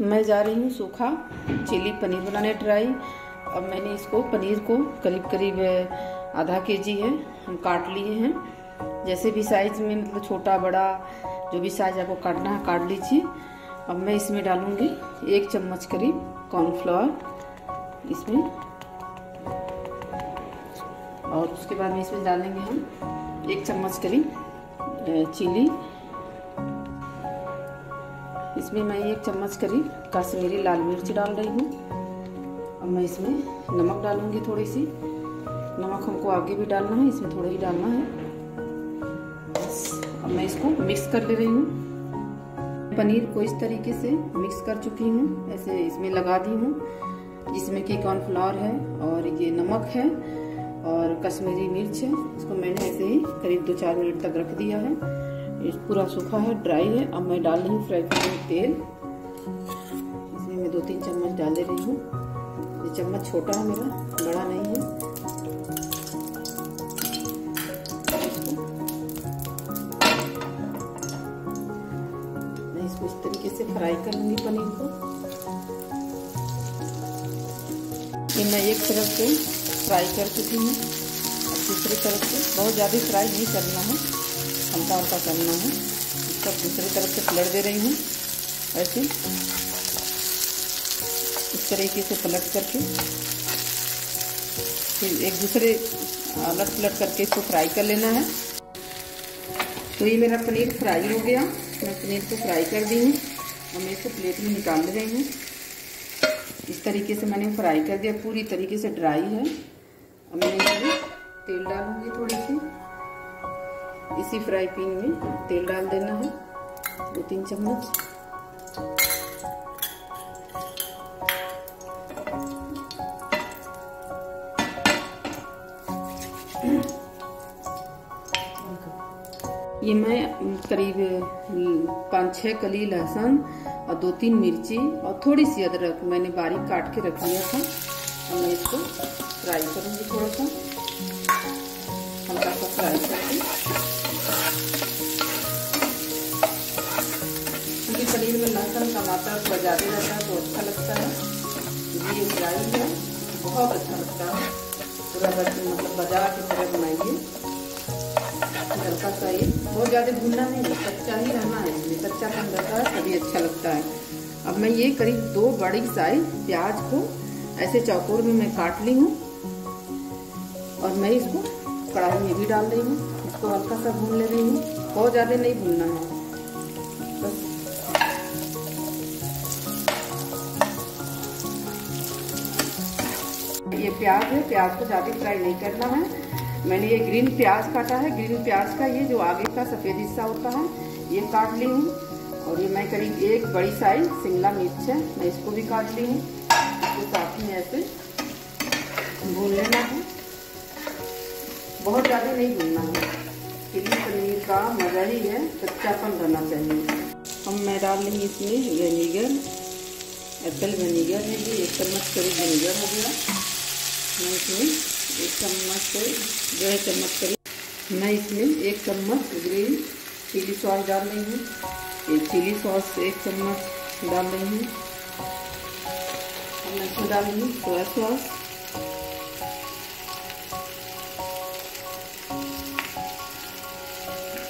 मैं जा रही हूँ सूखा चिली पनीर बनाने ट्राई अब मैंने इसको पनीर को करीब करीब आधा के जी है हम काट लिए हैं जैसे भी साइज में मतलब छोटा बड़ा जो भी साइज आपको काटना है काट लीजिए अब मैं इसमें डालूँगी एक चम्मच करीब कॉर्नफ्लावर इसमें और उसके बाद में इसमें डालेंगे हम एक चम्मच करीब चिली इसमें मैं एक चम्मच करीब कश्मीरी लाल मिर्च डाल रही हूँ अब मैं इसमें नमक डालूंगी थोड़ी सी नमक हमको आगे भी डालना है इसमें थोड़ा ही डालना है बस अब मैं इसको मिक्स कर ले रही हूँ पनीर को इस तरीके से मिक्स कर चुकी हूँ ऐसे इसमें लगा दी हूँ जिसमें कि कॉर्नफ्लावर है और ये नमक है और कश्मीरी मिर्च है इसको मैंने ऐसे ही करीब दो चार मिनट तक रख दिया है ये पूरा सूखा है ड्राई है अब मैं डाल रही हूँ फ्राई पैन में तेल इसमें मैं दो तीन चम्मच डाल दे रही हूँ ये चम्मच छोटा है मेरा बड़ा नहीं है मैं इसको इस तरीके से फ्राई कर लूंगी पनीर को ये मैं एक तरफ से फ्राई कर चुकी हूँ दूसरी तरफ से बहुत ज़्यादा फ्राई नहीं करना है हल्का हल्का करना है इसको दूसरी तरफ से पलट दे रही हूँ ऐसे इस तरीके से पलट करके फिर एक दूसरे अलग पलट करके इसको फ्राई कर लेना है तो ये मेरा पनीर फ्राई हो गया मैं पनीर को फ्राई कर दी हूँ और मैं इसको प्लेट में निकाल रही हूँ इस तरीके से मैंने फ्राई कर दिया पूरी तरीके से ड्राई है अब मैं इसमें तेल डालूंगी थोड़ी सी इसी फ्राई पैन में तेल डाल देना है दो तीन चम्मच ये मैं करीब पाँच छः कली लहसुन और दो तीन मिर्ची और थोड़ी सी अदरक मैंने बारीक काट के रख लिया था और मैं इसको फ्राई करूँगी थोड़ा सा हल्का सा फ्राई करके पनीर में लहसन टमाटर थोड़ा ज़्यादा रहता है तो अच्छा लगता है ये फ्राई है बहुत अच्छा लगता है पूरा मतलब बाजार की तरह बनाइए हल्का सा ये बहुत ज़्यादा भूनना नहीं है कच्चा ही रहना है इसमें कच्चा कम रहता है तभी अच्छा लगता है अब मैं ये करीब दो बड़ी साइज प्याज को ऐसे चौकोर में मैं काट ली हूँ और मैं इसको कढ़ाई में भी डाल रही हूँ इसको हल्का सा भून ले रही हूँ बहुत ज़्यादा नहीं भूनना है प्याज है प्याज को ज़्यादा फ्राई नहीं करना है मैंने ये ग्रीन प्याज काटा है ग्रीन प्याज का ये जो आगे का सफ़ेद हिस्सा होता है ये काट ली हूँ और ये मैं करीब एक बड़ी साइज शिमला मिर्च है मैं इसको भी काट ली हूँ इसको काफ़ी ऐसे भून लेना है बहुत ज़्यादा नहीं भूनना है चिली पनीर का मज़ा ही है कच्चापन रहना चाहिए हम मैं डाल ली इसमें वेनीगर एप्पल वेनीगर है ये एक चम्मच करीब वेनीगर हो गया मैं इसमें एक चम्मच से डेढ़ चम्मच करी मैं इसमें एक चम्मच ग्रीन चिली सॉस डाल रही हूँ एक चिली सॉस एक चम्मच डाल रही हूँ मैं इसमें डाल रही हूँ सोया सॉस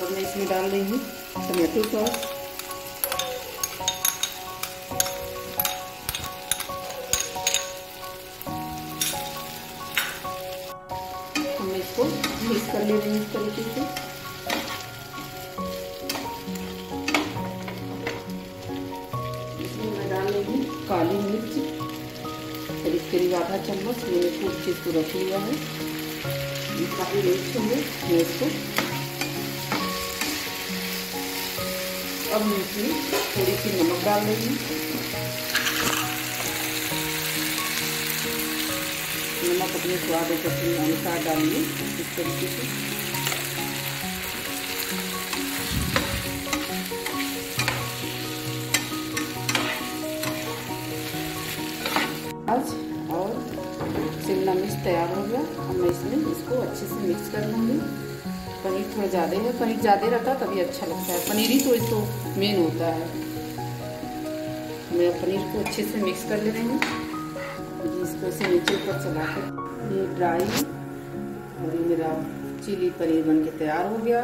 और मैं इसमें डाल रही हूँ टमाटो सॉस इसको मिक्स कर ले रहे इस तरीके से इसमें मैं डाल लेंगी काली मिर्च और इसके लिए आधा चम्मच मैंने खूब चीज को रख लिया है काली मिर्च होंगे मैं इसको अब मैं इसमें थोड़ी सी नमक डाल लेंगी नमक अपने स्वाद अनुसार डालेंगे इस तरीके से आज और शिमला मिर्च तैयार हो गया अब मैं इसमें इसको अच्छे से मिक्स कर लूँगी पनीर थोड़ा ज़्यादा है पनीर ज़्यादा रहता है तभी अच्छा लगता है पनीर ही तो इसको तो मेन होता है मैं पनीर को अच्छे से मिक्स कर ले रही हूँ इसको से नीचे चला कर ये ड्राई और ये मेरा चिली पनीर बन के तैयार हो गया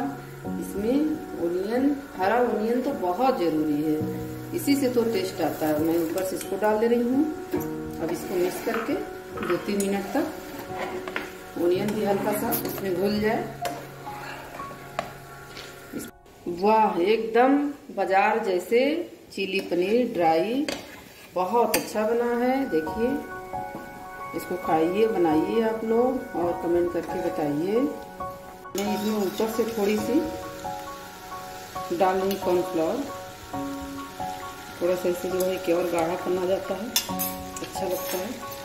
इसमें ओनियन हरा ओनियन तो बहुत ज़रूरी है इसी से तो टेस्ट आता है मैं ऊपर से इसको डाल दे रही हूँ अब इसको मिक्स करके दो तीन मिनट तक ओनियन भी हल्का सा उसमें घुल जाए वाह एकदम बाजार जैसे चिली पनीर ड्राई बहुत अच्छा बना है देखिए इसको खाइए बनाइए आप लोग और कमेंट करके बताइए मैं इसमें ऊपर से थोड़ी सी डाल लूँगी कॉर्नफ्लावर थोड़ा सा इसे जो है कि और गाढ़ा करना जाता है अच्छा लगता है